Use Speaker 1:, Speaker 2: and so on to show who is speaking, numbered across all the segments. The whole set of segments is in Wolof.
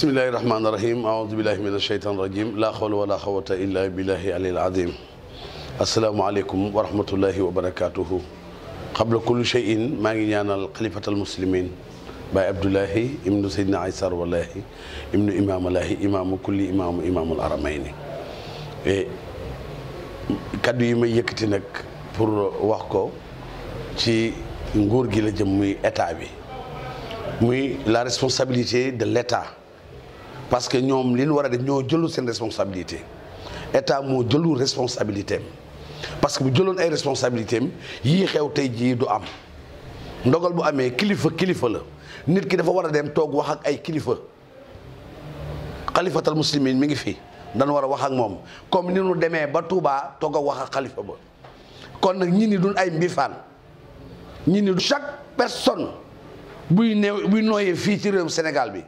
Speaker 1: بسم الله الرحمن الرحيم أعوذ بالله من الشيطان الرجيم لا حول ولا قوة إلا بالله العلي العظيم السلام عليكم ورحمة الله وبركاته قبل كل شيء ما ينال خليفة المسلمين باي عبد الله ابن سيدنا عيسى والله ابن إمام الله إمام كل إمام إمام الأرمين kaddu yi may yëkkati nag pour wax ko ci nguur gi la jëm muy état bi muy la responsabilité de l' parce que ñoom li nu war a def ñoo jëlul seen responsabilité état moo jëlu responsabilité am parce que bu jëloon ay responsabilité am yii xew tey jii du am ndogal bu amee kilifa kilifa la nit ki dafa war a dem toog wax ak ay kilifa xalifatal muslimin mi ngi fi dañu war a wax ak moom comme ni nu demee ba Touba toog a wax ak xalifa ba kon nag ñi ni du ay mbifaan ñi ni chaque personne buy néew buy nooyee fii ci réewum Sénégal bi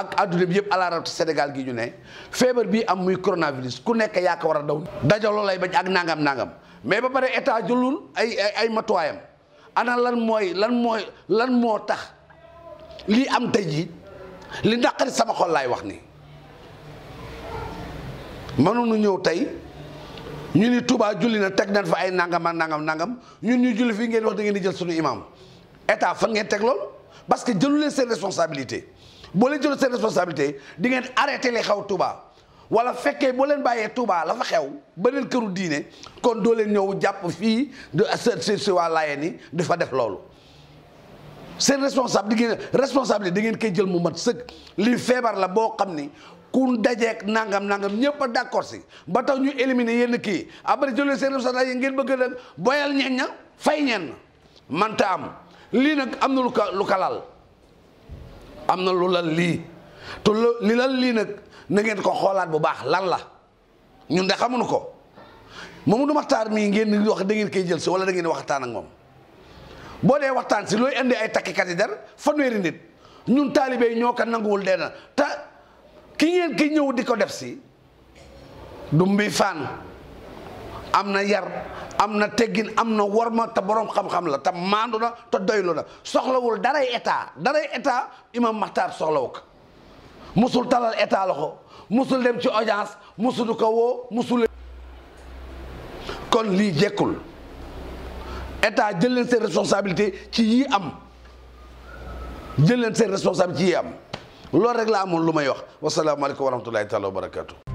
Speaker 1: ak adduna bi yëpp ala rawati Sénégal gi ñu ne feebar bii am muy coronavirus ku nekk yaa ko war a daw. dajaloo lay bañ ak nangam nangam mais ba pare état jëlul ay ay matuwaayam ana lan mooy lan mooy lan moo tax lii am tey jii li naqari sama xol laay wax ni mënuñu ñëw tey. ñu ni Touba julli na teg nañ fa ay nangam ak nangam nangam ñun ñu julli fii ngeen wax dangeen di jël suñu imam état fan ngeen teg loolu parce que jëlu leen seen responsabilité boo leen jël seen responsabilité di ngeen arrêté li xew Touba wala fekkee boo leen bàyyee Touba la fa xew beneen këru diine kon doo leen ñëw jàpp fii de si si waa di fa def loolu seen responsable di ngeen responsabilité di ngeen koy jël mu mat sëkk li feebar la boo xam ni ku dajeek nangam nangam ñëpp a d'accord si ba tax ñu éliminer yenn kii après jëlee seen responsabilité ngeen bëgg nag boyal ñen ña fay ñenn manta am lii nag am na lu ka lu kalal am na lu lal lii te li lal lii nag na ngeen ko xoolaat bu baax lan la ñun de xamuñu ko moom Mamadou Makhtar mii ngeen wax da ngeen koy jël si wala da ngeen waxtaan ak moom boo dee waxtaan si looy indi ay takki kati der fanweeri nit ñun taalibe yi ñoo ko nanguwul dee na te ki ngeen ki ñëw di ko def si du mbi faan am na yar am na teggin am na worma te borom xam-xam la te maandu na te doylu na soxlawul daray état daray état imam Maxtaar soxlawu ko musul talal état la musul dem ci audience musulu ko woo musul kon lii jekkul état jël leen seen responsabilité ci yii am jël leen seen responsabilité ci yii am loolu rek laa amul lu may wax wasalaamaaleykum wa rahmatullahi taala wa barakaatu.